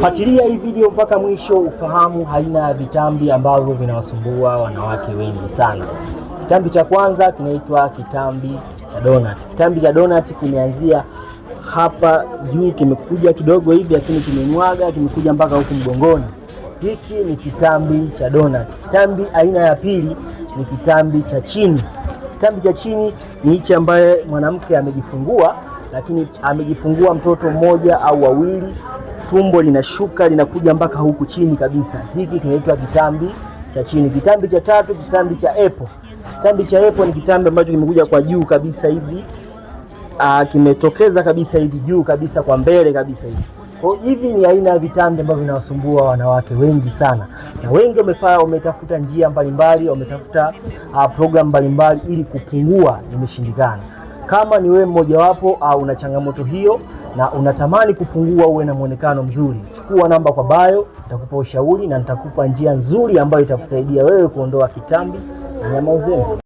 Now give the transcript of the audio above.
Fuatilia hii video mpaka mwisho ufahamu aina ya vitambi ambavyo vinawasumbua wanawake wengi sana. Kitambi cha kwanza kinaitwa kitambi cha donut. Kitambi cha donut kimeanzia hapa juu, kimekuja kidogo hivi, lakini kimemwaga, kimekuja mpaka huku mgongoni. Hiki ni kitambi cha donut. Kitambi aina ya pili ni kitambi cha chini. Kitambi cha chini ni hichi ambaye mwanamke amejifungua, lakini amejifungua mtoto mmoja au wawili tumbo linashuka linakuja mpaka huku chini kabisa. Hiki kinaitwa kitambi cha chini. Kitambi cha tatu, kitambi cha epo. Kitambi cha epo ni kitambi ambacho kimekuja kwa juu kabisa hivi, ah, kimetokeza kabisa hivi juu kabisa kwa mbele kabisa hivi. Kwa hivi ni aina ya vitambi ambavyo vinawasumbua wanawake wengi sana, na wengi wametafuta njia mbalimbali, wametafuta uh, ah, programu mbalimbali ili kupungua, imeshindikana. Kama ni wewe mmojawapo au una changamoto hiyo na unatamani kupungua uwe na mwonekano mzuri, chukua namba kwa bayo, nitakupa ushauri na nitakupa njia nzuri ambayo itakusaidia wewe kuondoa kitambi, na nyama, uzembe.